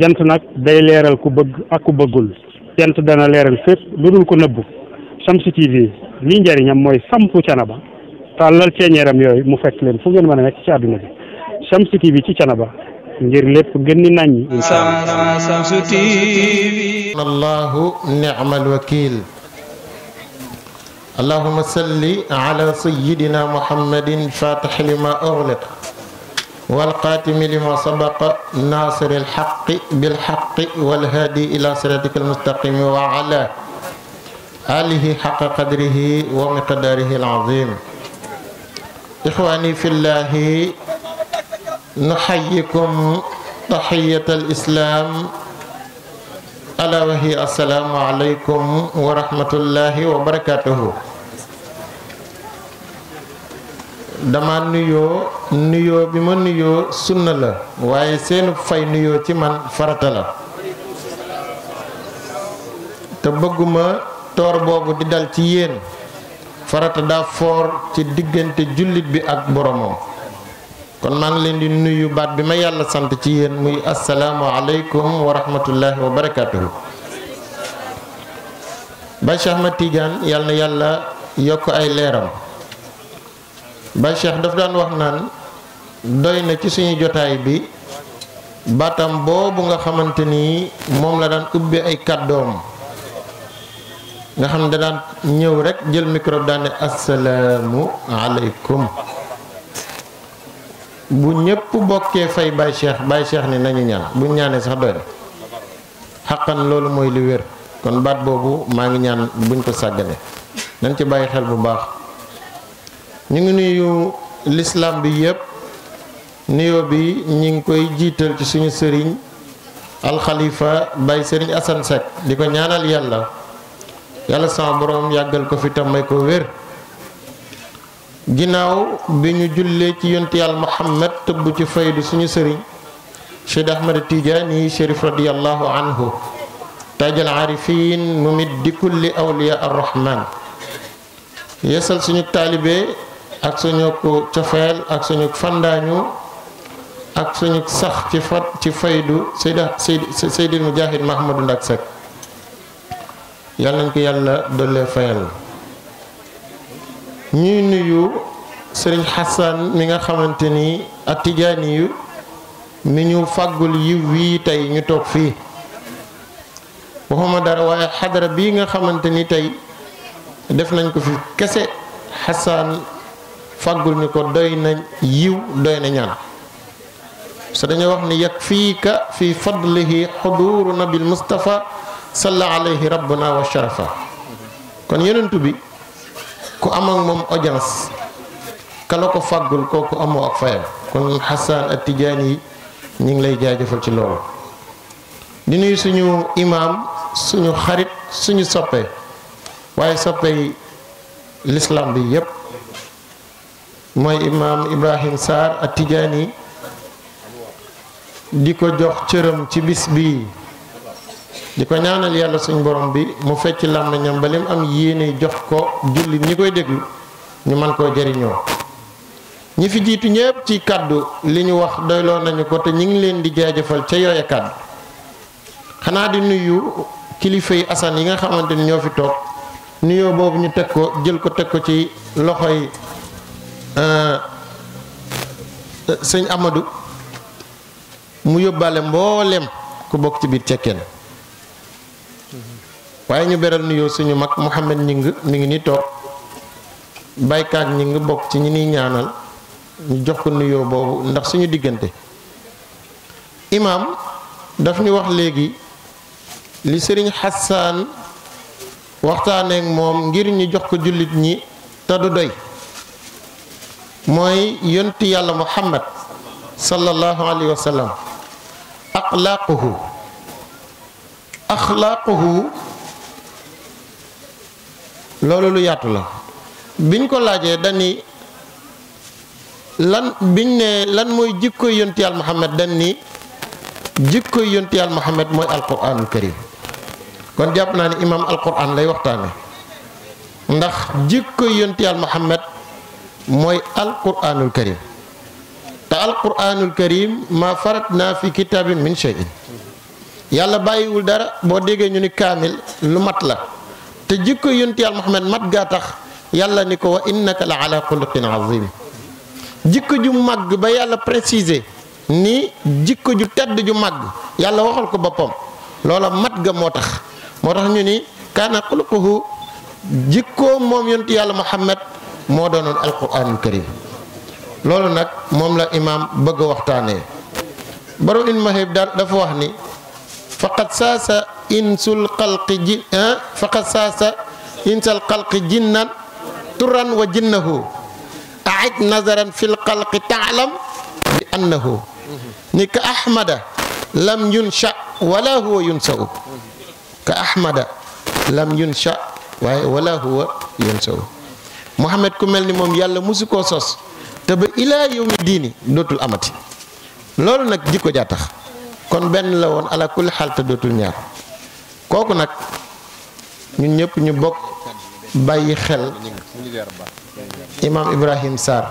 jant nag day leeral ku bëgg ak ku bëggul jant dana leeral fépp lu dul ko nëbbu Shamsu TV lii njëriñam mooy sampu canaba tàllal ceeñeeram yooyu mu fekk leen fu ngeen mën a nekk ci àdduna bi Shamsu TV ci canaba ngir lépp gën ni naññi Shamsu TV allahu ni'mal wakil allahumma salli ala sayyidina muhammadin fatih lima ughliq والقاتم لما سبق ناصر الحق بالحق والهادي إلى صراطك المستقيم وعلى آله حق قدره ومقداره العظيم إخواني في الله نحييكم تحية الإسلام ألا وهي السلام عليكم ورحمة الله وبركاته dama nuyoo nuyoo bi ma nuyoo sunna la waaye seenu fay nuyoo ci man farata la te bëgguma toor boobu di dal ci yéen farata daa foor ci diggante jullit bi ak boromam kon maa ngi leen di nuyu baat bi ma yàlla sant ci yéen muy asalaamu aleykum wa rahmatullahi wa barakatuhu Baay Cheikh Ahmed Tidiane na yàlla yokk ay leeram Baye Cheikh daf dan wax nan doyna ci suñu jotay bi batam bobu nga xamanteni mom la dan ubbe ay kaddom nga xam da dan ñew rek jël micro daan assalamu alaykum bu ñepp bokkee fay Baye Cheikh Baye Cheikh ni nañu ñaan bu ñaané sax doy lolu moy li wër kon bat bobu ma ngi ñaan buñ ko sàggane nañ ci xel bu baax ñu ngi nuyu l'islam bi yépp nuyo bi ñi ngi koy jiital ci suñu sëriñ khalifa bay sëriñ asan sek di ko ñaanal yàlla yàlla sama borom yàggal ko fi tam may ko wér ginaaw bi ñu jullee ci yonti yàlla Muhammad tëbb ci faydu suñu sëriñ Cheikh Ahmed Tidiane Chérif radiyallahu anhu tajal arifin mumid di kulli awliya ar-rahman yeesal suñu talibé ak suñu cofeel ak suñu fandaañu ak suñu sax ci fat ci faydu sayda saydil mujahid Mahamadou Ndak Seck yal nañ ko yàlla dollee fayal ñuy nuyu sëriñ Xasan mi nga xamante ni ak tijaani yu mi ñu fàggul yiw wii tey ñu toog fii waxuma dara waaye xadara bii nga xamante ni tey def nañ ko fi kese Xasan fagul ni ko doy na yiw doy na ñaan sa dañu wax ni yakfika fi fadlihi hudur nabil mustafa sallallahu alayhi rabbuna wa sharafa kon yonentou bi ku am ak mom audience kala ko ko kooku amoo ak fayal kon Hasan at-tijani yi ngi lay jajeufal ci lool di nuyu suñu imam suñu xarit suñu soppe waye soppe l'islam bi yep moy imam Ibrahim Sar Atijani, diko di ko jox cëram ci bis bi di ko ñaanal yalla suñ borom bi mu fecc làmmiñam ba lim am yene jox ko julli ñi koy deglu ñu man ko jariño ñi fi jitu ñepp ci kaddu wax doylo nañu ko te ñi ngi leen di jajeufal ca yoyé kàddu xana di nuyu kilifa yi asan yi nga xamanteni ñofi tok nuyo bobu ñu tek ko jël ko tek ko ci loxoy Euh, euh, sëñ amadu mu yóbbaale mboolem ku bokk ci biir cekkeen waaye ñu beral nuyoo suñu mag Mouhamed Ñing mi ngi ni toog baykaat ngi bokk ci ñi niy ñaanal ñu jox ko nuyoo boobu ndax suñu diggante imaam daf ñu wax léegi li sëriñ Xassaan waxtaaneek moom ngir ñu jox ko jullit ñi te du doy mooy yonti yàlla muhammad sallallahu alayhi wa sallam axlaaquhu axlaaquhu loolu lu yaatu la biñ ko laajee dani lan biñ ne lan mooy jikkoy yonti yàlla muhammad dañ ni jikkoy yonti yàlla muhammad mooy alquraanul karim kon jàpp naa ne imaam alquraan lay waxtaane ndax jikkoy yonti yàlla muhammad mooy alquranul karim te alquranul karim ma farat naa fi kitabin min shay'in yàlla bàyyiwul dara boo déggee ñu ni kaamil lu mat la te jikko yuntiyal Muhammad mat gaa tax yàlla ni ko wa innaka la ala xuluqin màgg ba yàlla préciser ni jikko ju tedd ju màgg yàlla waxal ko boppam loola mat ga moo tax moo tax ñu ni kaana xuluquhu jikkoo moom yontu yàlla Muhammad moo doonoon alquranul karim loolu nag moom la imaam bëgg waxtaanee baru in mahib daal dafa wax ni faqad saasa insul xalqi ji ah, faqad saasa insal xalqi jinnan turan wa jinnahu aaj nazaran fil xalqi taalam bi annahu ni ka ahmada lam yunsha wala huwa yunsau ka ahmada lam yunsha waaye wala huwa yunsau Muhammad ku melni mom yalla musuko musu sos te ba ila yawmi dini dotul amati lolou nak jikko jaa tax kon ben la won ala kul hal te dotul ñaar koku nak ñun ñep ñu bok bayyi xel imam Ibrahim sar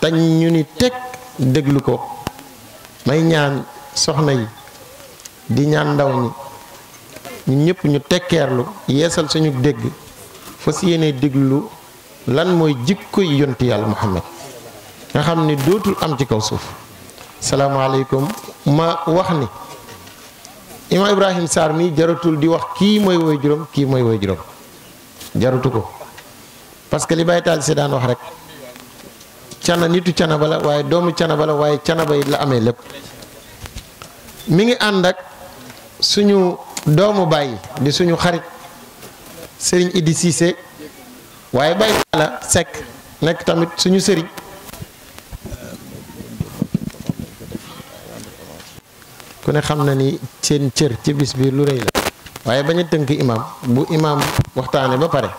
ta ñu ni tek deglu ko may ñaan soxna yi di ñaan ndaw ñi ñun ñep ñu tekkerlu yeesal suñu degg fas yéene déglu lan mooy jikko yonti yàlla Muhammad nga xam ni dootul am ci kaw suuf salaamaaleykum ma wax ni Imam Ibrahim Sarr mii jaratul di wax kii mooy woy juróom kii mooy woy juróom jaratu ko parce que li Baye Tall si daan wax rek cana nitu cana bala waaye doomu cana bala waaye cana ba it la amee lépp mi ngi ànd ak suñu doomu bàyyi di suñu xarit sëriñ Idi Cissé waaye Baye Talla Seck nekk tamit suñu sëriñ ku ne xam na ni seen cër ci bis bi lu rëy la waaye bañ tënk imaam bu imaam waxtaane ba pare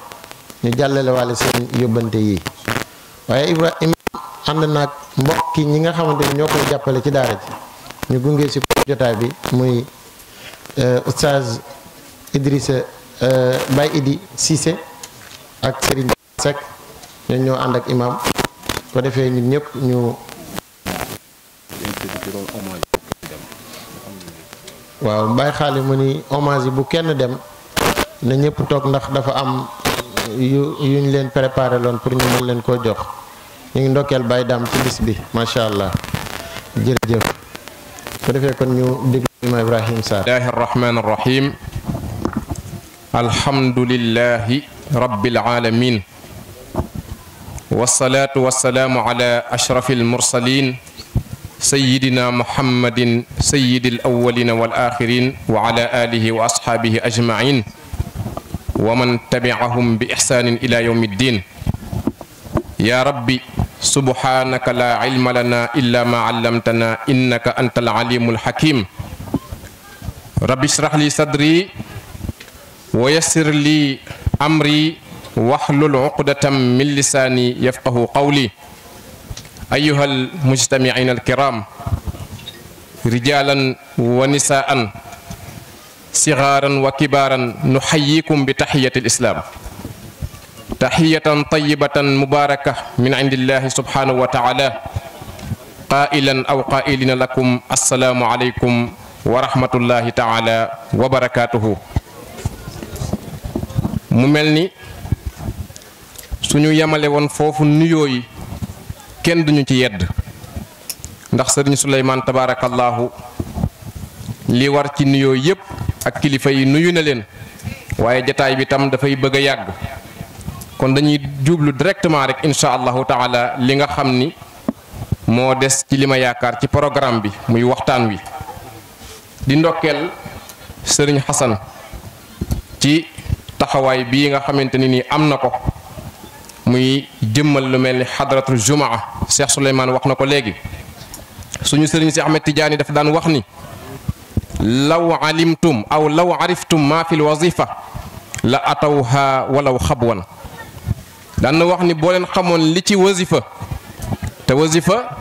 ñu jàllale waale seen yóbbante yi waaye Ibra imaam ànd naag mbokk yi ñi nga xamante ni ñoo koy jàppale ci daara ji ñu gunge si jotaay bi muy euh, oustaz Idrissa Eh, baik Idi Cissé ak Serigne sek ñoo ñoo and ak imam ko defee ñun ñëpp ñu. waaw Baye xali mu ni hommage bu kenn dem na ñëpp tok ndax dafa am yu yuñ leen préparé lon pour ñu mën leen ko jox ñi ngi ndokkeel Baye Dame ci bis bi macha allah jeuf ko defé kon ñu déglu imam ibrahim sa bismillahi rahim. الحمد لله رب العالمين والصلاة والسلام على أشرف المرسلين سيدنا محمد سيد الأولين والآخرين وعلى آله وأصحابه أجمعين ومن تبعهم بإحسان إلى يوم الدين يا ربي سبحانك لا علم لنا إلا ما علمتنا إنك أنت العليم الحكيم رب اشرح لي صدري ويسر لي أمري واحلل عقدة من لساني يفقه قولي أيها المجتمعين الكرام رجالا ونساء صغارا وكبارا نحييكم بتحية الإسلام تحية طيبة مباركة من عند الله سبحانه وتعالى قائلا أو قائلين لكم السلام عليكم ورحمة الله تعالى وبركاته mu mel ni su ñu yemale woon foofu nuyoo yi kenn duñu ci yedd ndax sëriñ Souleymane tabaarakallaahu li war ci nuyoo yépp ak kilifa yi nuyu na leen waaye jataay bi tam dafay bëgg a yàgg kon dañuy jublu directement rek incha allahu taala li nga xam ni moo des ci lima yaakaar ci programme bi muy waxtaan wi di ndokkeel sëriñ Xasan ci taxawaay bii nga xamanteni ni amna ko muy jëmmal lu melni hadratul jumaa Cheikh Souleymane wax ko suñu serigne cheikh Ahmed Tidiane dafa dan wax ni law alimtum aw law ariftum ma fil wazifa la atawha walaw khabwan dan na wax ni bo len xamone li ci wazifa te wazifa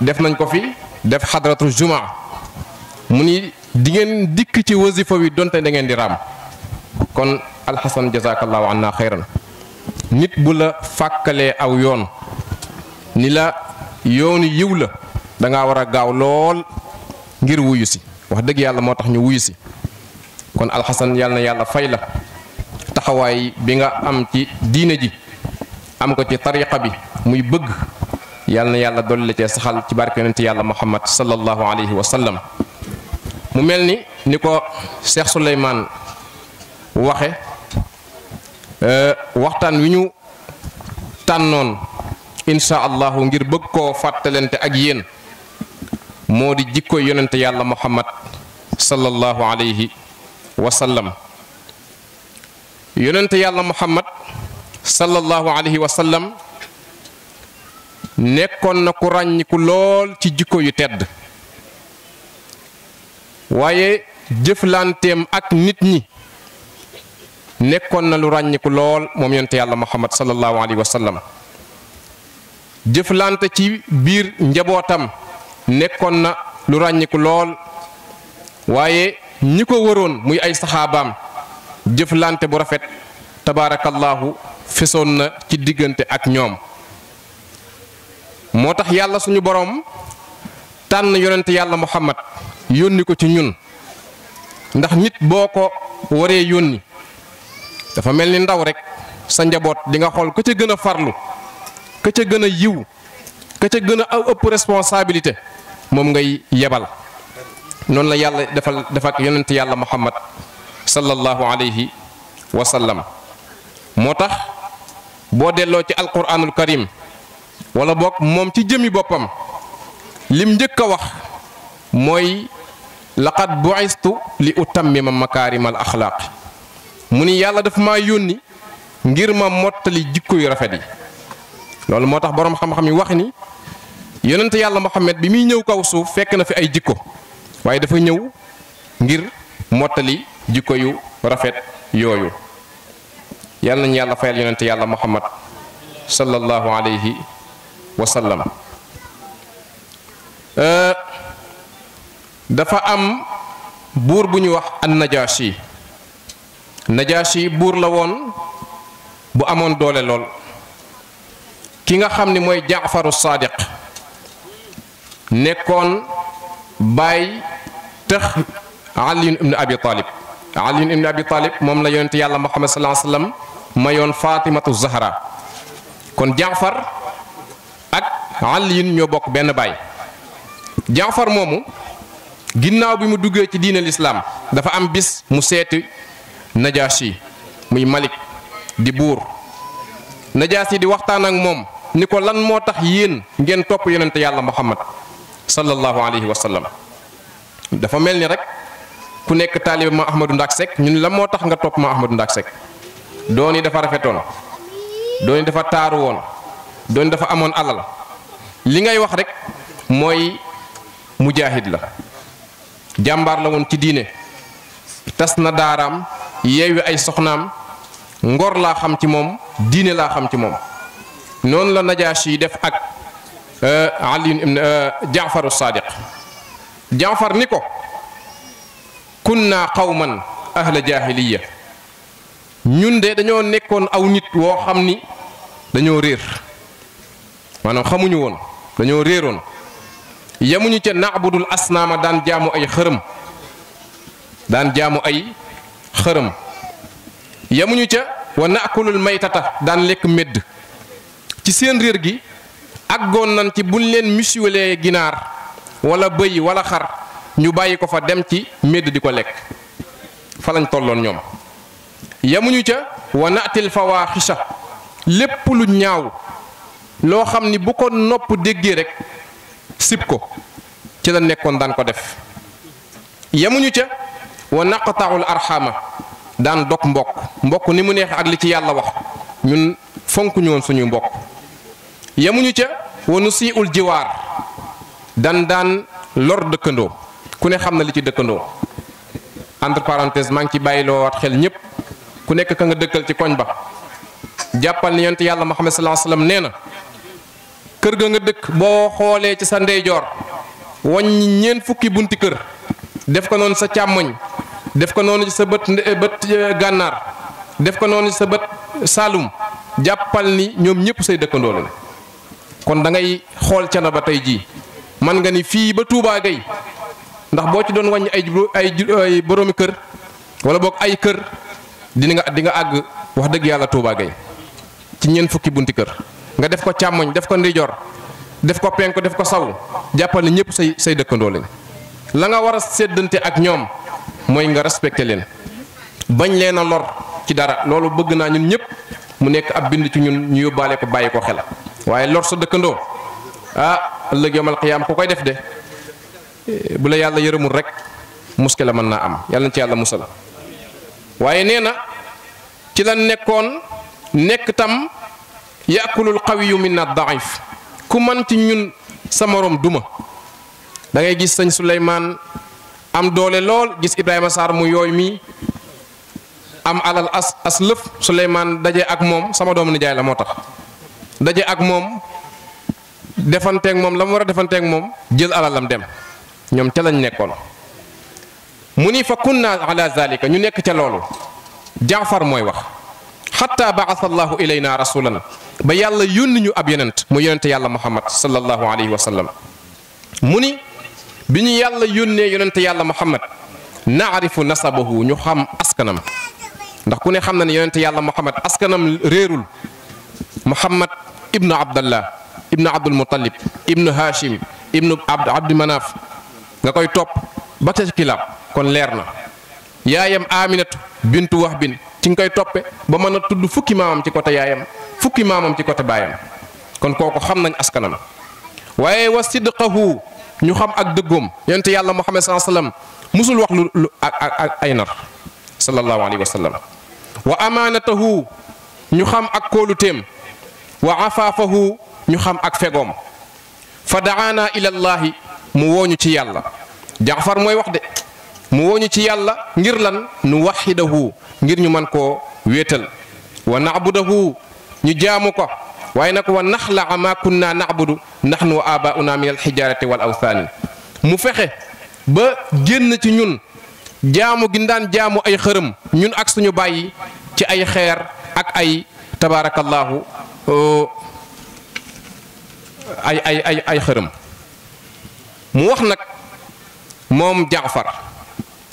def nañ ko fi def hadratul jumaa muni di ngeen dik ci wazifa wi donte da ngeen di ram kon alxasan jazakallahu anna xayran nit bu la fàkkalee aw yoon ni la yoonu yiw la da ngaa war ngir wuyu wax dëgg yàlla moo ñu wuyu kon alxasan yàlla na yàlla fay la taxawaay bi nga am ci diine ji am ko ci tariqa bi muy bëgg yàlla yàlla dolli la cee saxal ci barke yonent yàlla muhammad sallallahu alayhi wa sallam mu mel ni ni Cheikh Souleymane waxe Euh, waxtaan wi ñu tànnoon insha allahu ngir bëgg koo fàttalante ak yéen moo di jikko yonente yàlla muhammad sallallahu alayhi wa sallam yonente yàlla muhammad sallallahu alayhi wa sallam nekkoon na ku ràññiku lool ci jikko yu tedd waaye jëflanteem ak nit ñi nekkoon na lu ràññiku lool moom yonte yàlla muhammad sallallahu alayhi wa sallam jëflante ci biir njabootam nekkoon na lu ràññiku lool waaye ñi ko waroon muy ay saxaabaam jëflante bu rafet tabaarakallaahu fesoon na ci diggante ak ñoom moo tax yàlla suñu boroom tànn yonent yàlla muhammad yónni ko ci ñun ndax nit boo ko waree yónni dafa mel ni ndaw rek sa njaboot di nga xool ka ca gën a farlu ka ca gën a yiw ka ca gën a ëpp responsabilité moom ngay yebal noonu la yàlla defal def ak yonent yàlla muhammad sallallahu alayhi wa sallam moo tax boo delloo ci alquranul karim wala boog moom ci jëmi boppam lim njëkk a wax mooy laqad bu'istu li utammima makaarimal axlaaq mu ni yàlla dafa maa yónni ngir ma mottali jikko yu rafet yi loolu moo tax boroom xam-xam yi wax ni yonent yàlla Muhammad bi muy ñëw kaw suuf fekk na fi ay jikko waaye dafa ñëw ngir mottali jikko yu rafet yooyu yal nañu yàlla fayal yonent yàlla Muhammad sallallahu alayhi wa sallam euh, dafa am buur bu ñu wax an-Najaashi najaasi buur la woon bu amoon doole lool ki nga xam ni mooy jaafaru saadiq nekkoon baay tëx aliyun ibnu abi taalib aliyun ibnu abi taalib moom la yonent yàlla muhammad salaa sallam mayoon fatimatu zahra kon jaafar ak aliyun ñoo bokk benn baay jaafar moomu ginnaaw bi mu duggee ci diine lislaam dafa am bis mu seeti Najasi, muy malik di bour najaasi di waxtan ak mom niko lan motax yeen ngeen top yonent yalla muhammad sallallahu alaihi wasallam. dafa melni rek ku nek talib ma ahmadou ndak sek ñun lan motax doni nga top ma ahmadou ndak sek doni dafa rafetoon doni dafa taru won doni dafa amone alal li ngay wax rek moy mujahid la Jambar la won ci diine tasna daram yeewi ay soxnaam ngor laa xam ci moom diine laa xam ci moom noonu la najashi yi def ak ali ibn jaafaru saadiq jaafar ni ko kunna qawman ahla jahiliya ñun de dañoo nekkoon aw nit woo xam ni dañoo réer maanaam xamuñu woon dañoo réeroon yamuñu ca naabudul asnaama daan jaamu ay xërëm dan jaamu ay xërëm yamuñu ca wa naakulul maytata daan lekk medd ci seen réer gi àggoon nañ ci buñ leen musiwalee ginaar walla bëy walla xar ñu bàyyi ko fa dem ci médd di ko lekk falañ lañ tolloon ñoom yamuñu ca wa naatil fawaaxisa lépp lu ñaaw loo xam ni bu ko nopp déggee rek sib ko ci la nekkoon daan ko def ca wa naqtaul arxaama daan dog mbokk mbokk ni mu neexee ak li ci yàlla wax ñun fonkuñu woon suñuy mbokk yamuñu ca wa nusiul jiwaar dan daan lor dëkkandoo ku ne xam na li ci dëkkandoo entre parenthèse maa ngi ci bàyyiloowaat xel ñépp ku nekk ka nga dëkkal ci koñ ba jàppal ni yonent yàlla Muhammad sallallahu alayhi wasallam nee na kër ga nga dëkk boo xoolee ci sa ndeyjoor wàññi ñeent fukki bunti kër def ko noonu sa càmmoñ def ko noonu ci sa bët eh, bët eh, gànnaar def ko noonu ci sa bët saalum jàppal ni ñoom ñëpp say dëkkandoo la kon da ngay xool cana ba tey jii man nga ni fii ba Touba gay ndax boo ci doon wàññi ay ay boroomi kër wala boog ay kër dina nga di nga àgg wax dëgg yàlla Touba ci ñeent fukki bunti kër nga def ko càmmoñ def ko ndijoor def ko penk def ko saw jàppal ni ñëpp say say dëkkandoo lañ la nga war a seddante ak ñoom. mooy nga respecté leen bañ leen a lor ci dara loolu bëgg naa ñun ñëpp mu nekk ab bind ci ñun ñu yóbbaale ko bàyyi ko xel waaye lor sa dëkkandoo ah ëllëg yomal xiyaam ku koy def de eh, bu la yàlla yërëmul rek muske la mën naa am yàlla na ci yàlla musal waaye nee na ci la nekkoon nekk tam yàqulul qawiyu minna daif ku man ci ñun sa moroom duma da gis sëñ Souleymane am doole lol gis Ibrahima sar mu yoy mi am alal as aslef suleyman Souleymane daje ak mom sama doomu nijaay la motax tax daje ak moom defanteeg moom la mu war a defanteeg moom jël lam dem ñom ca lañ nekkon mu fa kunna ala zalika ñu nekk ci lolou jafar moy wax hatta ba'atha allah ilayna rasulana ba yàlla yoon ñu ab yonent mu yonent yàlla muhammad sallallahu alayhi wa sallam muni bi ñu yàlla yónnee yonente yàlla muhammad na'rifu nasabahu ñu xam askanam ndax ku ne xam na ne yàlla muhammad askanam rerul muhammad ibnu abdallah ibnu abdul muttalib ibn hashim ibn abd abdi manaaf nga koy topp ba ca kilaab kon leer yaayam aminatu bintu wahbin bin ci nga koy toppe ba mën a tudd fukki maamam ci côté yaayam fukki maamam ci côté baayam kon kooku xam nañ askanam waaye wa sidqahu ñu xam ak deggum yent yàlla Muhammad sallallahu alayhi wa sallam musul wax lu ak ak ay nar sallallahu alayhi wasallam wa amaanatahu ñu xam ak kóoluteem wa afaafahu ñu xam ak fegoom fa daana ilallahi mu woñu ci yàlla jaafar mooy wax de mu wooñu ci yàlla ngir lan nu wahidahu ngir ñu man ko wetal wa naabudahu ñu jaamu ko way nak wa nakhla ma kunna na'budu ndax ni wa abauna min alxijaarati wal awthaani mu fexe ba génn ci ñun jaamu gi daan jaamu ay xërëm ñun ak suñu bàyyi ci ay xeer ak ay tabaarakallaahu ay ay ay xërëm mu wax nag moom jaafar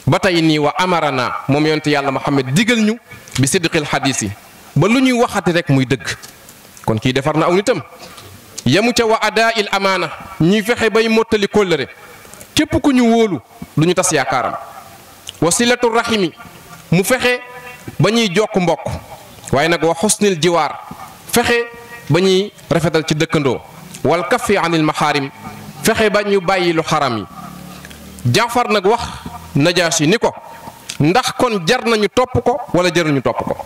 ba tey nii wa amarana moom yonent yàlla Muhammad digal ñu bi sidqil xadiis yi ba lu ñuy waxati rek muy dëgg kon kii defar na aw nitam yamuca wa adaa il amaana ñuy fexe bay mottali kóllëre képp ku ñu wóolu du ñu tas yaakaaram wasilatu rahimi mu fexe ba ñuy jokk mbokk waaye nag wa xusnil jiwaar fexe ba ñuy rafetal ci dëkkandoo wal kafi anil maxaarim fexe ba ñu bàyyi lu xaram yi jaafar nag wax najaas yi ni ko ndax kon jar nañu topp ko wala jaruñu topp ko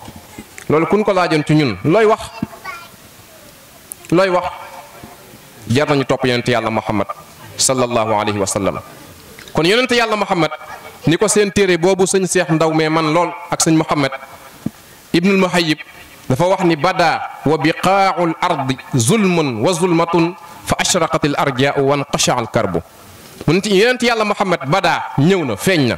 loolu kun ko laajoon ci ñun looy wax looy wax jar nañu top yonent yàlla muhammad sallallahu alayhi wa sallam kon yonent yàlla muhammad niko sen tere bobu seigne cheikh ndaw me man lol ak seigne muhammad ibn al muhayyib dafa wax ni bada wa biqa'ul ard zulmun wa zulmatun fa ashraqat al arja wa anqasha al karb mu nit yonent yàlla muhammad bada ñewna feñna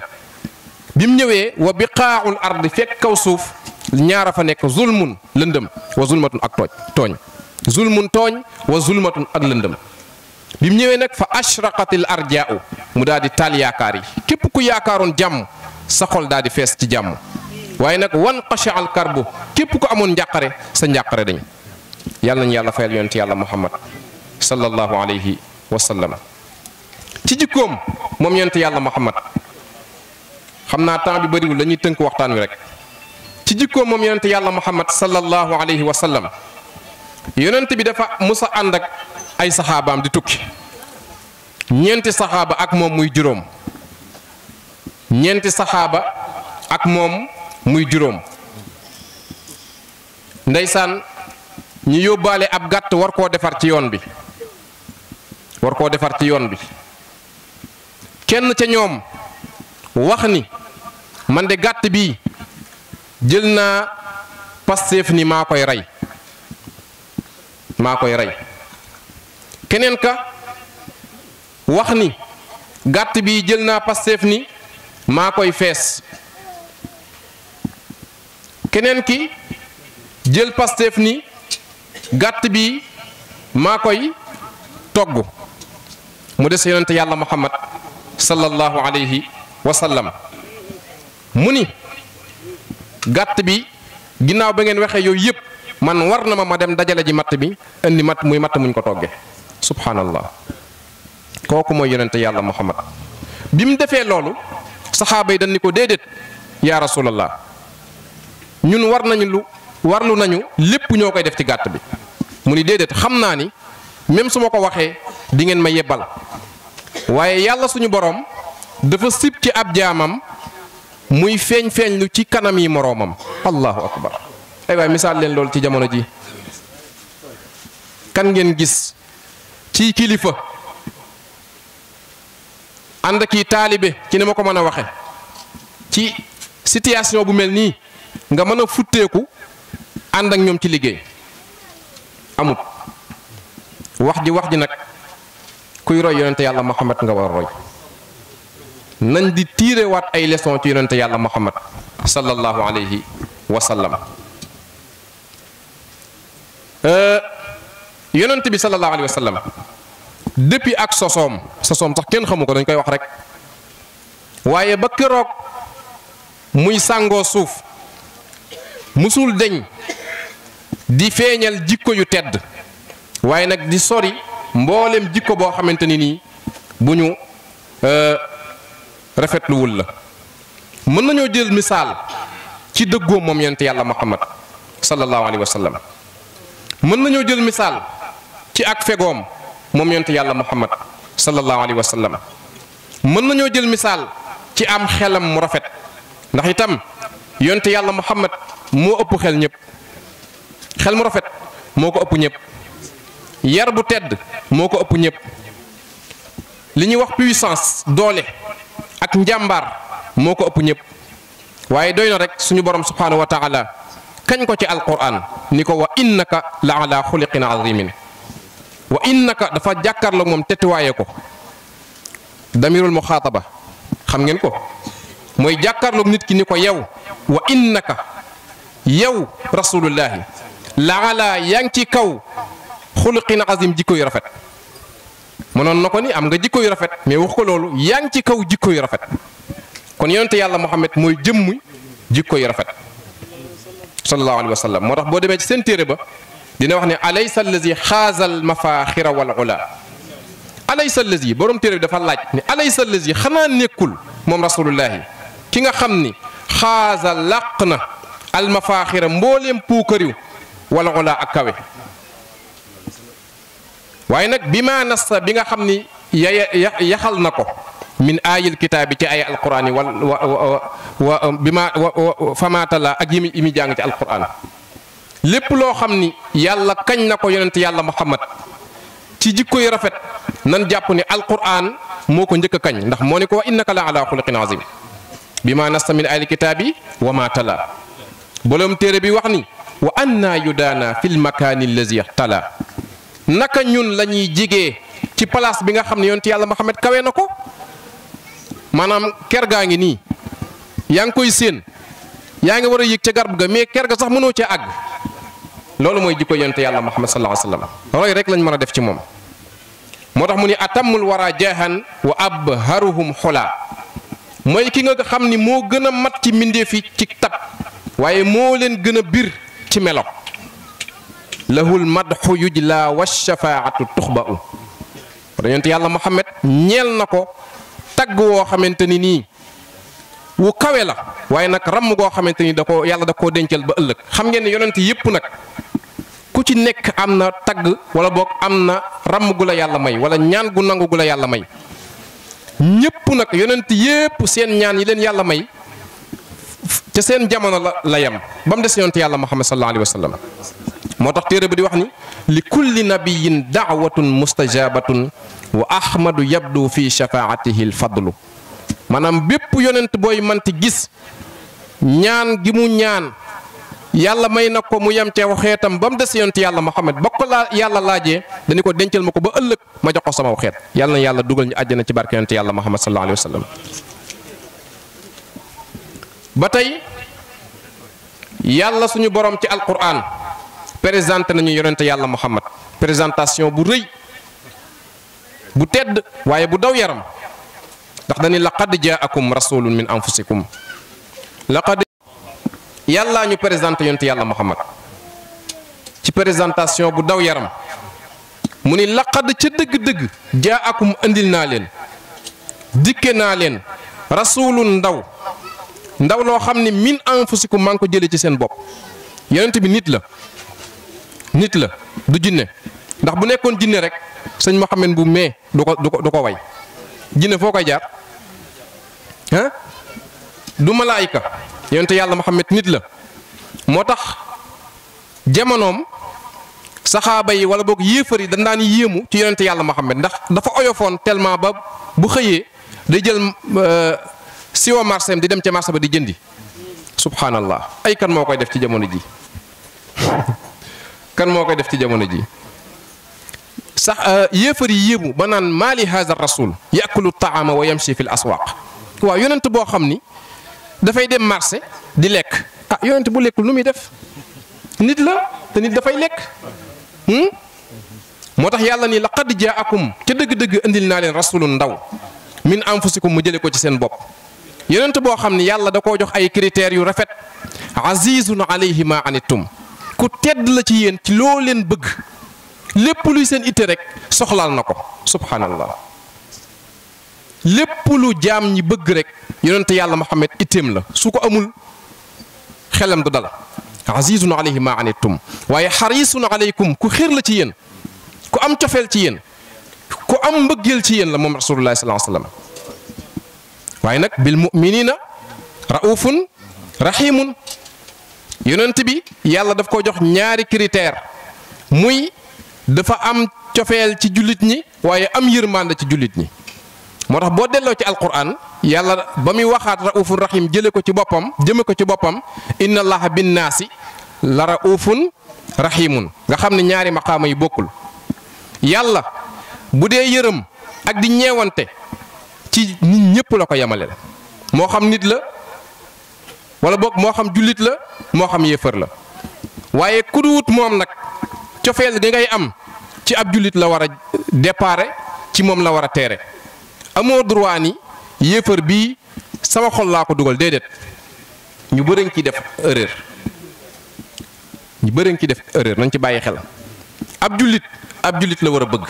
bim ñewé wa biqa'ul ard fek fekk kaw suuf ñaara fa nek zulmun lëndëm wa zulmatun ak toñ zulmun tooñ wa zulmatun ak lëndëm bi mu ñëwee nag fa ashraqatil arjaau mu daal di taal yaakaar ku yaakaaroon jàmm sa xol daal di ci jàmm waaye nag wan qasha al karbu képp ku amoon njàqare sa njàqare dañ yàlla nañu yàlla fayal yonent yàlla muhammad sallallahu alayhi wa sallam ci jikkoom moom yonent yàlla muhammad xam naa temps bi bëriwul la ñuy tënk waxtaan wi rek ci jikkoom moom yonent yàlla muhammad sallallahu alayhi wa sallam yonent bi dafa musa ànd ak ay saxaabaam di tukki ñeenti saxaaba ak moom muy juróom ñeenti saxaaba ak moom muy juróom ndeysaan ñu yóbbaale ab gàtt war koo defar ci yoon bi war koo defar ci yoon bi kenn ca ñoom wax ni man de gàtt bi jël naa pasteef ni maa koy rey maa koy rey keneen ka wax ni gàtt bi jël naa Pastef ni maa koy fees keneen ki jël Pastef ni gàtt bi maa koy togg mu des yonente yàlla muhammad sallallahu alayhi wa sallam mu ni gàtt bi ginnaaw ba ngeen waxee yooyu yëpp man war na ma ma dem dajale ji matt bi indi matt muy matt muñ ko togge subhanallah kooku mooy yonente yàlla muhammad bi mu defee loolu saxaaba yi dañ ko déedéet yaa rasulallah ñun war nañu lu warlu nañu lépp ñoo koy def ci gàtt bi mu ni déedéet xam naa ni même su ma ko waxee dingeen ma yebbal waaye yàlla suñu boroom dafa sib ci ab jaamam muy feeñ feeñ lu ci kanam yi moroomam allahu akbar ay waay misaal leen loolu ci jamono ji kan ngeen gis ci kilifa ànd kii taalibe ci ni ma ko mën a waxe ci situation bu mel nii nga mën a futteeku ànd ak ñoom ci liggéey amut wax ji wax ji nag kuy roy yonente yàlla Muhammad nga war a roy nañ di tiire waat ay leçon ci yonente yàlla Muhammad sallallahu alayhi wa sallam Euh, yonent bi sallallahu alayhi wa sallam ak sosoom sosoom sax kenn xamu ko dañ koy wax rek waaye ba këroog muy sàngoo suuf musul deñ di feeñal jikko yu tedd waaye nag di sori mbooleem jikko boo xamante ni nii bu ñu euh, rafetluwul la mën nañoo jël misaal ci dëggoo moom yonent yàlla Muhammad sallallahu alayhi wa sallam mën nañoo jël misaal ci ak fegoom moom yonte yàlla muhammad sallallahu alayhi wa sallam mën nañoo jël misaal ci am xelam mu rafet ndax itam yonte yàlla muhammad moo ëpp xel ñëpp xel mu rafet moo ko ëpp ñëpp yar bu tedd moo ko ëpp ñëpp li ñuy wax puissance doole ak njàmbaar moo ko ëpp ñëpp waaye doy na rek suñu borom subhanahu wa taala كان كو تي القران نيكو وا انك لعلى خلق عظيم وا انك دا فا جاكار لو موم تتوايي كو ضمير المخاطبه خم نين كو موي جاكار لو نيت كي نيكو ياو وا انك ياو رسول الله لعلى يانتي كو خلق عظيم جيكو رافت مونون نكو ني امغا جيكو رافت مي وخو لولو يانتي كو جيكو رافت كون يونت يالله محمد موي جيموي جيكو رافت صلى الله عليه وسلم موتاخ بو ديمي سين تيري با دينا واخني اليس الذي خاز المفاخر والعلا اليس الذي بروم تيري دا فا لاج اليس الذي خنا نيكول موم رسول الله كيغا خامني خاز لقنا المفاخر مبولم بوكريو والعلا اكاوي واي نك بما نص بيغا خامني يا يا يا خال نكو من آي الكتاب تي آي القرآن و و فما تلا أجيمي إمي جانج تي القرآن لب لو خمني يالا كن نكو ينتي يالا محمد تيجي كوي رفت نن جابوني القرآن مو كن جك كن نح موني كوا إنك لا على خلق نازم بما نست من آي الكتاب وما تلا بولم تربي وقني وأنا يدانا في المكان الذي تلا نكا نيون لني جيجي تي بلاس بيغا خمني ينتي يالا محمد كوي نكو manam ker ini ngi kuisin yang koy seen yaa ngi war a yëg ca ga mais ker ga sax mëno ci ag lolu moy jikko yonte yalla muhammad sallallahu Alaihi Wasallam. roy rek lañ mëna def ci mom motax muni atamul wara jahan wa abharuhum xola moy ki nga xamni mo gëna mat ci minde fi ci tap waye mo leen gëna bir ci melo lahul madhu yujla wash shafaatu tukhba'u yonte muhammad ñel nako tagg woo xamante ni nii wu kawe la waaye nag ramm goo xamante ni da ko yàlla da koo dencal ba ëllëg xam ngeen ne yonent yëpp nag ku ci nekk am na tagg wala boog am na ramm gu la yàlla may wala ñaan gu nangu gu la yàlla may ñëpp nag yonent yëpp seen ñaan yi leen yàlla may ca seen jamono la la yem ba mu des yonent yàlla Muhammad sallallahu alayhi wa sallam moo tax téere bi di wax ni li kulli nabiyin daawatun mustajabatun wa ahmadu yabdu fi shafaatihi l fadlu maanaam bépp yonent booy manti gis ñaan gi mu ñaan yàlla may na ko mu yem ca xeetam ba mu des yonent yàlla Muhammad ba ko laa yàlla laajee dañu ko dencal ma ko ba ëllëg ma jox ko sama xeet yàlla na yàlla dugal ñu àjjana ci barke yonent yàlla Muhammad sallallahu alayhi wa sallam ba tey yàlla suñu borom ci alquran présenté nañu yonente yàlla muhammad présentation bu rëy bu tedd waaye bu daw yaram ndax dañu laqad jaakum rasulun min anfusikum laqad yàllaa ñu présenté yonente yàlla muhammad ci présentation bu daw yaram mu ni laqad ca dëgg-dëgg akum andil naa leen dikke naa leen rasulun ndaw ndaw loo xam ne min anfusikum maa ngi ko jëlee ci seen bopp yonent bi nit la nit la du jinne ndax bu nekkoon jinne rek sëñ Mouhamed bu mee du ko du ko du ko way jinne foo koy jaar ah du malaayika yonent yàlla Mouhamed nit la moo tax jamonoom saxaaba yi wala boog yéefar yi dañ daan yéemu ci yonent yàlla Mouhamed ndax dafa oyofoon tellement ba bu xëyee da jël euh, siwa marsem di dem ci marché ba di jëndi subhanallah ay kan moo koy def ci jamono ji kan moo koy def ci jamono ji sax yefeur yi yéemu ba naan maali haza rasul yakulu taama wa yamshi fil aswaq wa yonent bo xamni da fay dem marché di lek ah yonent bu lekkul nu muy def nit la te nit da fay lek hmm motax yàlla ni laqad jaakum ci deug deug andil na len rasulun ndaw min anfusikum mu jële ko ci sen bop yonent bo xamni yàlla da ko jox ay critère yu rafet azizun alayhi ma anittum ku tedd la ci yéen ci lo len beug lépp luy sen ité rek soxlal nako subhanallah lépp lu jam ñi beug rek yonent yàlla Muhammad itteem la su ko amul xelam du dal azizun alayhi ma anittum waaye xarisun alaykum ku xir la ci yéen ku am tiofel ci yéen ku am mbeugel ci yéen la mom rasulullah sallallahu alayhi wasallam waye nak bil muminina raufun rahimun yonent bi yàlla daf ko jox ñaari critère muy dafa am tiofel ci julit ñi waye am yërmande ci julit ñi motax bo delo ci alquran yàlla bami waxat raufur rahim jële ko ci bopam jëme ko ci bopam inna allaha bin nasi la raufun rahimun nga xamni ñaari maqama yi bokul yàlla budé yeureum ak di ñewante ci nit ñëpp la ko yemale la moo xam nit la wala boog moo xam jullit la moo xam yéefar la waaye ku moom nag cofeel gi ngay am ci ab jullit la war a déparé ci moom la war a teere amoo droit ni yéefar bii sama xol laa ko dugal déedéet ñu bëriñ ki def erreur ñu bëriñ ci def erreur nañ ci bàyyi xel ab jullit ab jullit la war a bëgg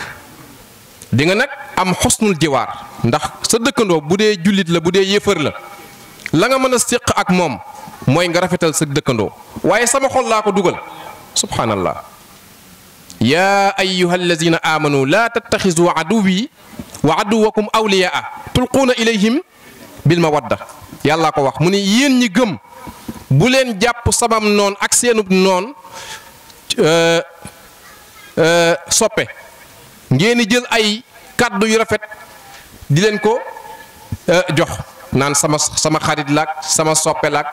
di nga nak am husnul jiwar ndax sa dekkando budé julit la budé dee la la nga mëna sékk ak mom moy nga rafetal sa dekkando waye sama xol la ko duggal subhanallah yaa ayuha alladina amanu laa tattaxisu aduwi wa aduwakum awliyaa tulquuna ilayhim bil mawadda yàllaa ko wax mu ne yéen ñi gëm bu leen jàpp samam noon ak seenub noon soppe ngeen di jël ay cadeau yu rafet di len ko euh, jox nan sama sama xarit lak sama soppe lak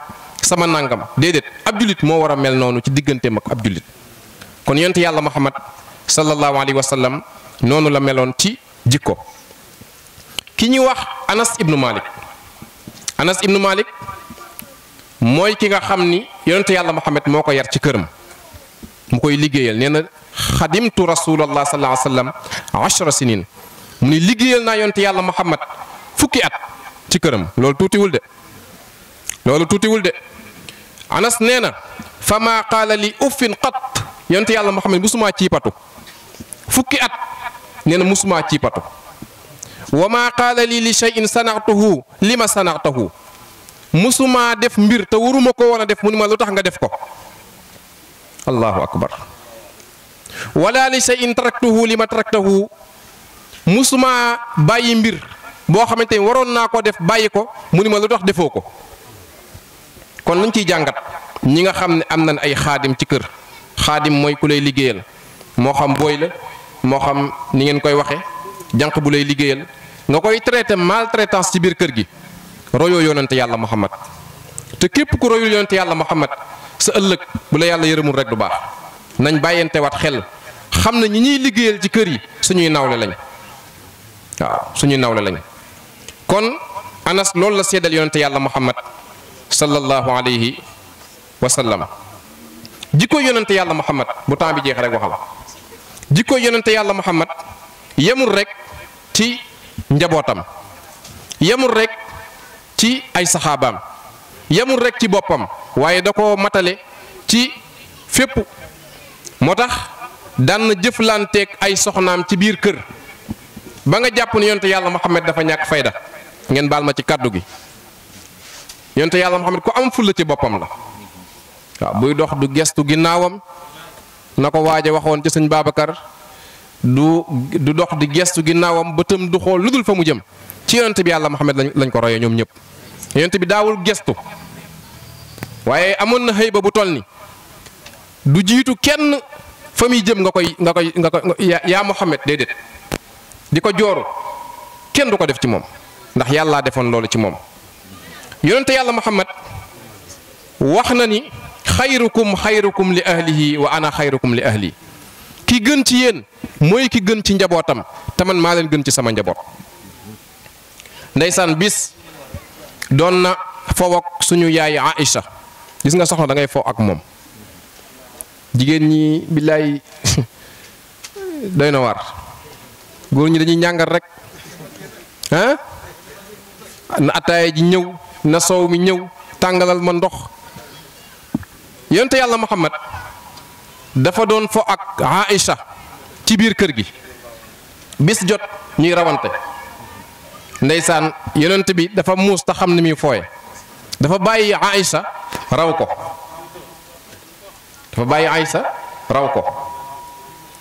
sama nangam dedet Abdulit mo wara melonu mel nonu ci digganteem mak abdulit kon yent yalla Muhammad sallallahu alaihi wasallam nonu la melon ci jikko ki ñi wax Anas ibnu Malik Anas ibnu Malik moy ki nga xamni yent yalla Muhammad moko yar ci مكوي ليغيال نينا خدمت رسول الله صلى الله عليه وسلم 10 سنين مني ليغيال نا يونت يالا محمد فكيات تكرم تي كرم لول توتي ول دي لول توتي ول دي انس فما قال لي اوف قط يونت الله محمد مسما تي باتو فوكي ات نينا تي باتو وما قال لي لشيء صنعته لما صنعته مسما ديف مير تا وروما كو وانا ديف موني ما لوتاخ nga def Allahu akbar wala li shay'in taraktuhu lima taraktuhu musuma bàyyi mbir bo xamanteni waron nako def bayiko munima lu tax defoko kon luñ ci jangat ñi nga xamne am nañ ay khadim ci kër khadim moy kulay lay mo xam boy la mo xam ni ngeen koy waxe jank bu lay liggéeyal nga koy traité maltraitance ci bir kër gi royo yonante yalla Muhammad te kep ku royo yonante yalla Muhammad sa ëllëg bu la yàlla yërëmul rek du baax nañ bàyyantewaat xel xam na ñi ñuy liggéeyal ci kër yi suñuy nawle lañ waaw suñuy nawle lañ kon anas loolu la seedal yonente yàlla muhammad sallallahu alayhi wa sallam jikko yonente yàlla muhammad bu temps bi jeex rek waxal jikko yàlla muhammad yemul rek ci njabootam yemul rekk ci ay saxaabaam yamul rek ci bopam waye dako matale ci fépp motax dan daan na ay soxnam ci biir kër ba nga japp ni yonte yalla Muhammad dafa ñak fayda ngeen bal ma ci kaddu gi yonte yalla Muhammad ko am fulla ci bopam la wa buy dox du gestu ginaawam nako waje waxon ci seigne babakar du du dox di gestu ginaawam bëtam du xol lu fa mu jëm ci yonent bi yalla Muhammad lañ ko royee ñom ñep yonent bi dawul gestu waye amon na xëy bu tolni du jitu kenn fami jëm nga koy nga koy nga koy yaa Muhammad dedet diko jor kenn du ko def ci mom ndax yalla defon lolu ci mom yonente yàlla Muhammad waxna ni xayrukum xayrukum li ahlihi wa ana xayrukum li ahli ki gën ci yéen moy ki gën ci njabotam te ma len gën ci sama njabot ndaysan bis doon na fow suñu yaay Aïcha gis nga soxna dangay foo ak moom jigéen ñi billaay doy na war góor ñi dañuy ñàngal rek ah na ataaya ji ñëw na soow mi ñëw tàngalal ma ndox yonte yàlla Muhammad dafa doon fo ak Aïcha ci biir kër gi bis jot ñuy rawante ndeysaan yonent bi dafa muus ta xam ni muy fooye dafa bàyyi Aïsa raw ko dafa bàyyi Aïsa raw ko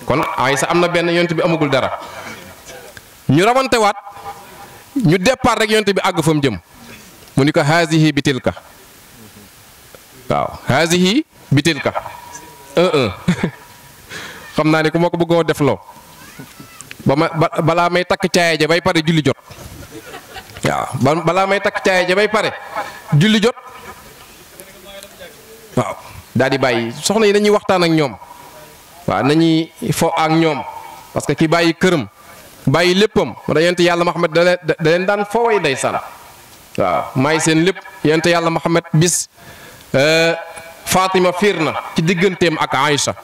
kon Aïsa am na benn yonent bi amagul dara ñu rawante waat ñu départ rek yonent bi àgg fa jëm mu ni ko haasihi bi tilka waaw haasihi bi tilka xam naa ne ku moo ko bëggoo def loo ba ma balaa may takk caaya ja bay pare julli jot Ya, bala may tak tay ja bay pare julli jot waaw dadi bay soxna yi dañuy waxtaan ak ñom wa nañuy fo ak ñom parce que ki bayyi kërëm bayyi leppam da yonent yàlla Muhammad da leen daan fooway ndeysaan waaw may seen lepp yent yalla Muhammad bis euh, Fatima Firna, ci digëntem ak Aisha,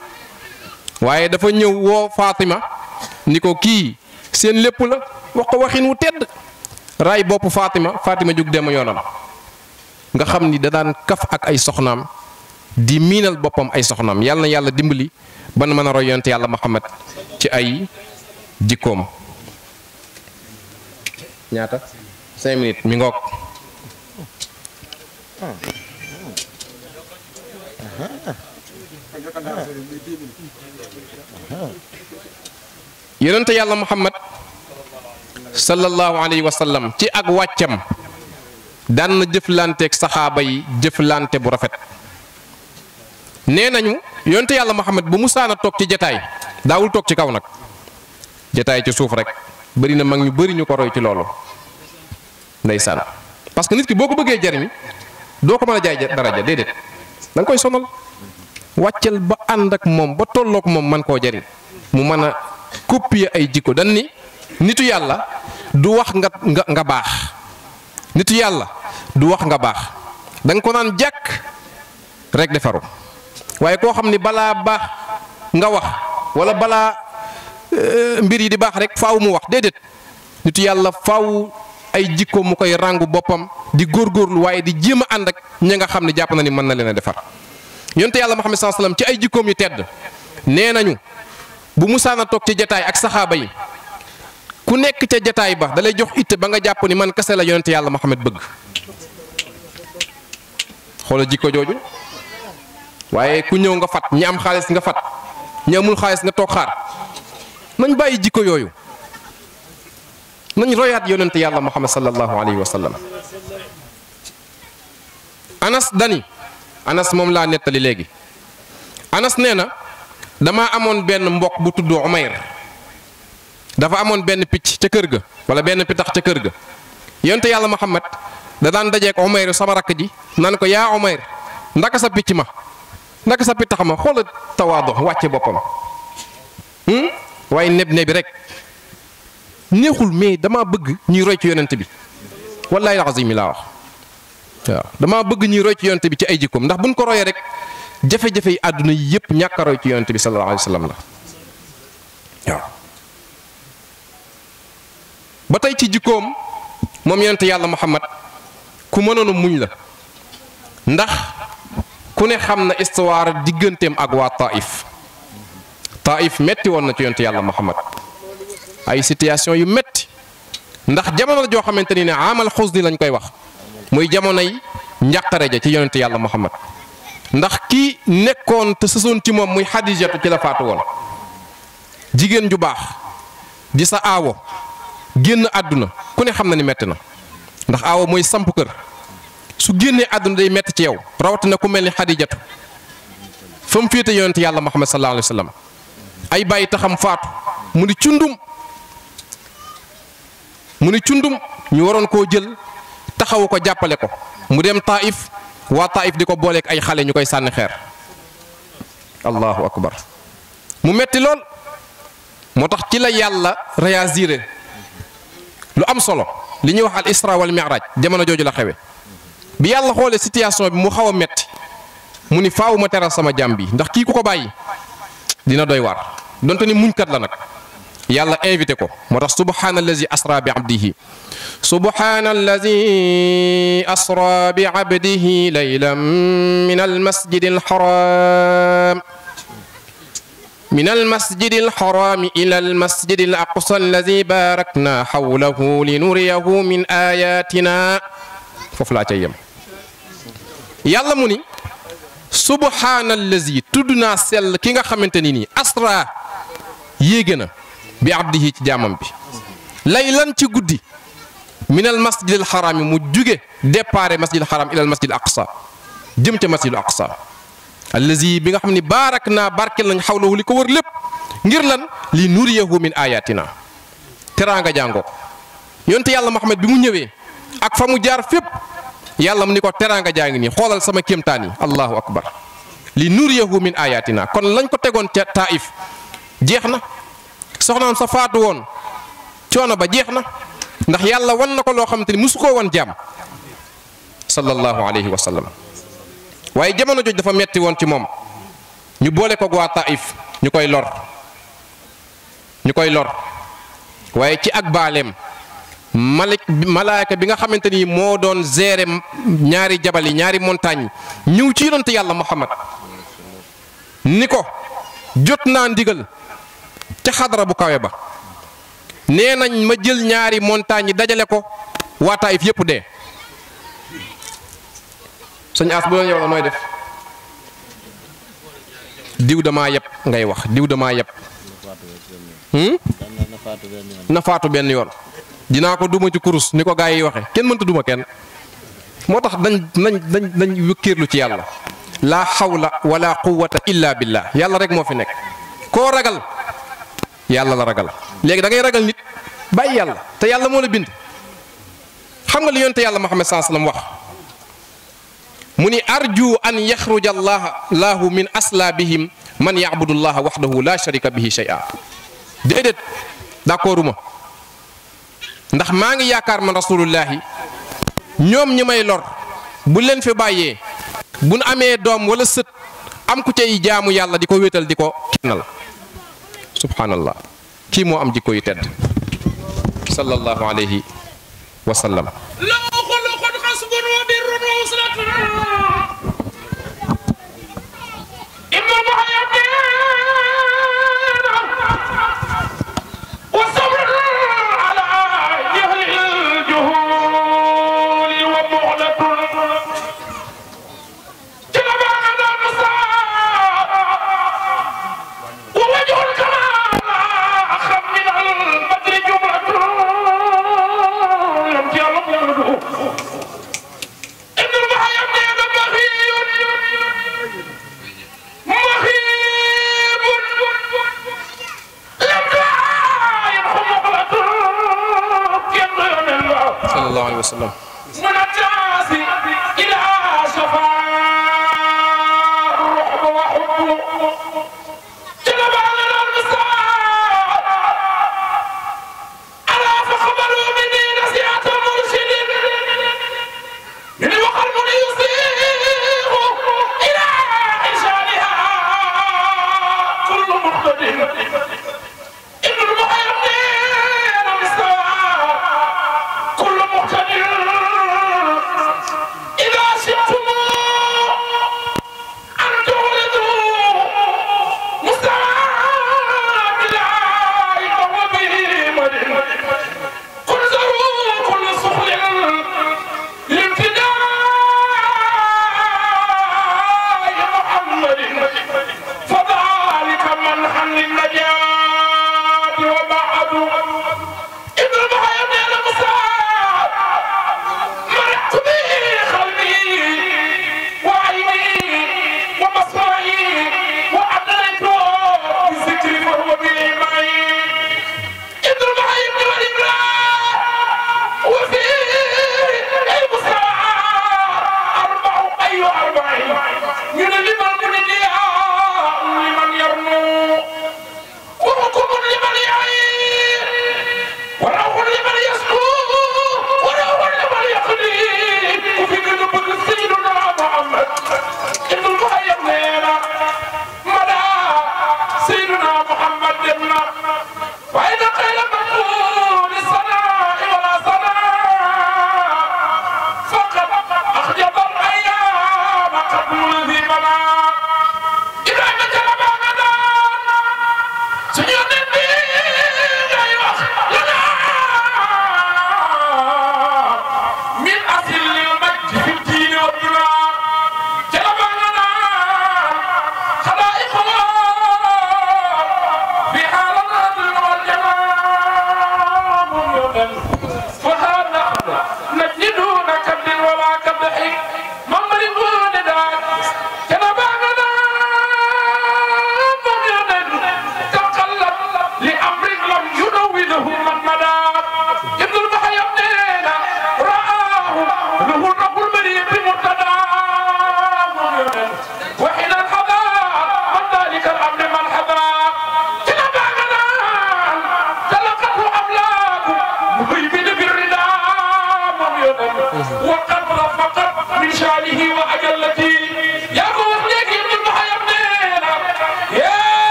waye dafa ñew wo Fatima Niko ki, seen lepp la wax waxin wu tedd raay bopp Fatima Fatima jug dem yoonam nga xam ni da daan kaf ak ay soxnaam di miinal boppam ay soxnaam yàlla na yàlla dimbali ban mën a roy yonent yàlla Muhammad ci ay jikkoom. ñaata yàlla Muhammad sallallahu alaihi wasallam, ci ak waccam dan jëflanté ak sahaba yi jëflanté bu rafet nee nañu yonte yalla Muhammad bu musaana tok ci jotaay dawul tok ci kaw nak jotaay ci suuf rek bari na mag ñu bari ñu ko roy ci lolu ndeysaan parce que nit ki boko bëggé bëggee do ko mëna jaay daraja ja dedet dang koy sonal waccel ba and ak mom ba tollok mom man ko jariñ mu mëna copier ay jikko dan ni nitu yalla du wax nga nga bax nitu yalla du wax nga bax dang ko nan rek defaru waye ko xamni ni bax nga wax wala bala euh, mbir yi di bax rek faaw mu wax dedet nitu yalla faaw ay jikko mu koy rangu bopam di lu waye di jima and ak ñinga xamni japp na ni man na leena defar yonte yalla Muhammad sallallahu Alaihi wasallam ci ay jikko mu tedd neenañu bu bu na tok ci jotaay ak sahaba yi ku nek ca jotaay ba dalay jox itte ba nga japp ni man kasse la yonent yalla Muhammad bëgg xoola jikko joju waye ku ñew nga fat ñi am xaaliss nga fat ñamul xaaliss nga tok xaar nañ bayyi jikko yoyu nañ royat yonent yalla Muhammad sallallahu alaihi wasallam Anas dani Anas mom la netali legi Anas nena, dama amon ben mbok bu tuddu umair dafa amoon benn picc ca kër ga wala benn pitax ca kër ga yonte yàlla Muhammad da daan dajeek Umayr sama rakk ji nan ko yaa Umayr ndaka sa picc ma ndaka sa pitax ma xoola tawaado wàcce boppam hmm? waaye neb nebi rek neexul mais damaa bëgg ñuy roy ci yonent bi wallaahi azim laa wax damaa bëgg ñuy roy ci yonent bi ci ay jikkoom ndax buñ ko royee rek jafe-jafe yi àdduna yëpp ñàkk roy ci yonent bi sallallahu alayhi wa sallam la waaw batay ci jikom mom yonent yàlla Muhammad ku mënoon muñ la ndax ku ne xamna histoire ak wa Taif Taif metti won na ci yonent yàlla Muhammad ay situation yu metti ndax jamono jo xamanteni ne amal xusni lañ koy wax muy yi njàqare ja ci yonent yàlla Muhammad ndax ki nekkon te sësoon ci mom muy hadijatu ci la fatu won jigen ju bax di sa awo génn àdduna ku ne xam na ni metti na ndax aawa mooy samp kër su génnee àdduna day metti ci yow rawatina ku mel ni xadijatu fa mu féete yonent yàlla Muhammad sallallahu alayhi wa sallam ay bàyyi taxam faatu mu ni cundum mu ni cundum ñu waroon koo jël taxawu ko jàppale ko mu dem Taif waa Taif di ko booleeg ay xale ñu koy sànni xeer allahu akbar mu metti lool moo tax ci la yàlla réagiré lu am solo li ñi wax al isra wal mi'raj jamono joju la xewe bi yàlla xolé situation bi mu xawa metti mu ni faaw ma teral sama jambi ndax ki ku ko bàyyi dina doy waar donte ni kat la nak yàlla invité ko motax subhanallazi asra bi abdihi subhanallazi asra bi abdihi laylan min al masjidil haram من المسجد الحرام إلى المسجد الأقصى الذي باركنا حوله لنريه foofu laa mu ni subhaanallazi tudd naa sell ki nga xamante ni nii asra yéege na bi abdihi ci jaamam bi laylan ci guddi minal masjidil xaraam mu juge déparé masjidil xaraam ilal masjidil aqsa jëm ca masjidil allazi bi nga xam ni baarak naa barkel nañ xawlahu li ko wër lépp ngir lan li nuriyahu min ayatina teraanga jàngoo yonte yàlla Muhammad bi mu ñëwee ak fa mu jaar fépp yàlla mu ni ko teraanga jaa ngi nii xoolal sama kéemtaan yi allahu akbar li nuriyahu min ayatina kon lañ ko tegoon ca taif jeex na soxnaam sa faatu woon coono ba jeex na ndax yàlla wan na ko loo xamante ni musu koo wan jaam sallallahu alayhi wa sallam waaye jamono jooju dafa metti woon ci moom ñu boole ko waa Taif ñu koy lor ñu koy lor waaye ci ak baaleem malik malaaka bi nga xamante ni moo doon gérer ñaari jabal yi ñaari montagne ñëw ci yonante yàlla Muhammad ni ko jot naa ndigal ca xadara bu kawe ba nee nañ ma jël ñaari montagne yi dajale ko waa Taif yépp dee sëñ as bu doon yow la nooy def diw damaa yëpp ngay wax diw damaa yëpp hmm? na faatu benn yoon dinaa ko duma ci kurus ni ko gaa yi waxe kenn mënta duma kenn moo tax dañ dañ dañ dañ wëkkeerlu ci yàlla laa xawla wala quwata illa billah yàlla rek moo fi nekk koo ragal yàlla la ragal léegi da ngay ragal nit bàyyi yàlla te yàlla moo la bind xam nga li te yàlla Muhammad sallallahu alayhi wasallam wax مني أرجو أن يخرج الله له من بهم من يعبد الله وحده لا شريك به شيئا ديدت داكوروما ناخ ماغي ياكار من رسول الله نيوم ني ماي لور بول لين في بايي بون امي دوم ولا سيت ام كو تي جامو يالا ديكو ويتال ديكو كينال سبحان الله كي مو ام ديكو يتد صلى الله عليه وسلم لا خلا إمام حياة wasallam.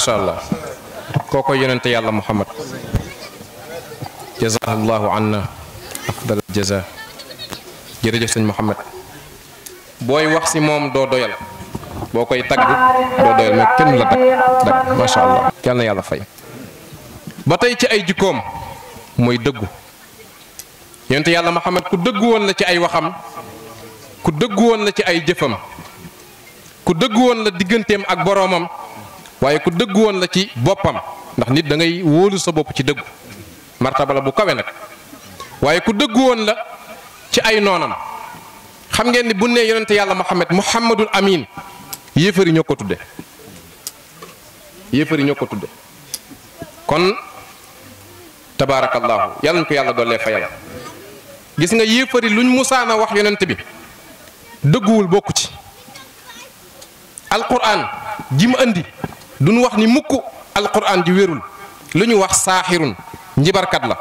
macha allah kooko yonente yàlla muhammad jazaahallahu anna afdal jaza jërëjëf sëñ muhammad booy wax si moom doo doyal boo koy tagg doo doyal mais kenn la dag dag macha allah yal na yàlla fay ba tey ci ay jikkoom mooy dëggu yonente yàlla muhammad ku dëggu woon la ci ay waxam ku dëggu woon la ci ay jëfam ku dëggu woon la digganteem ak boroomam waaye ku dëgg woon la ci boppam ndax nit dangay ngay wóolu sa bopp ci dëggu martaba la bu kawe nag waaye ku dëgg woon la ci ay noonam xam ngeen ni bu nee yonente yàlla Muhammad Muhammadul Amin yéefar yi ko tudde yéefar ko tudde kon tabaarakallaahu yàlla ñu ko yàlla dollee fayal gis nga yéefar yi luñ musaana wax yonent bi dëgguwul bokk ci alquran ji mu andi duñ wax ni mukk alquran di wérul luñu wax sahirun saaxirun njibarkat la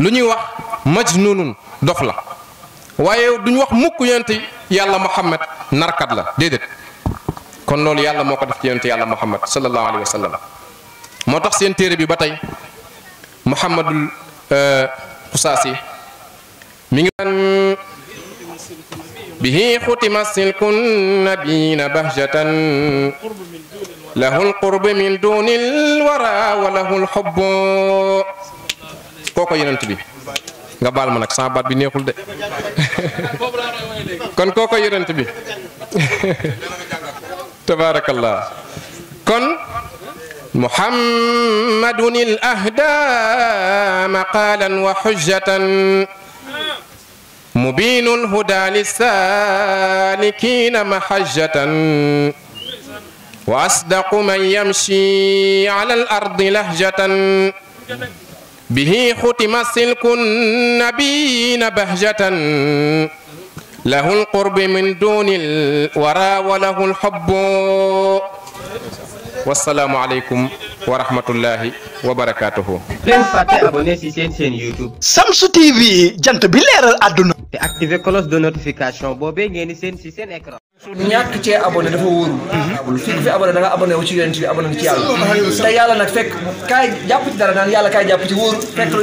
luñu wax majnunun dof la waye duñ wax mukk yent yàlla muhammad nar kat la dedet kon lool yàlla moko def ci yonent yàlla muhammad sallallahu alaihi wasallam motax sen téré bi batay tey muhammadul qusasi mi ngi daan bihi xutima silkun nabina bahjatan له القرب من دون الورى وله الحب كوكو yonent بي nga bal ma nak sa bat bi neexul de kon koko yonent bi tabarakallah kon muhammadun il ahda maqalan wa xujjatan mubinul huda lisanikin محجة وأصدق من يمشي على الأرض لهجة به ختم سلك النبيين بهجة له القرب من دون الورى وله الحب والسلام عليكم wa rahmatullahi wa barakaatuhu. leen fàtte abonné ci Samsu TV jant bi leeral àdduna. te activer cloche de notification boobee ngeen di seen ci seen écran. ñàkk cee abonné dafa wóoru mhm. fii ku fi abonné da nga abonné wu ci yonent bi abonné ci yàlla te yàlla nag fekk kaay jàpp ci dara naan yàlla kaay jàpp ci wóoru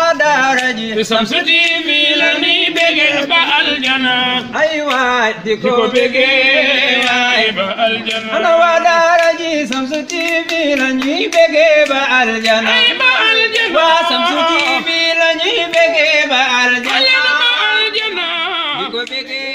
a daara ji Shamsu TV la ñuy bégee ba aljana ay waay di ko bégee waay ba aljana ana waa daara ji Shamsu ay ba aljana waa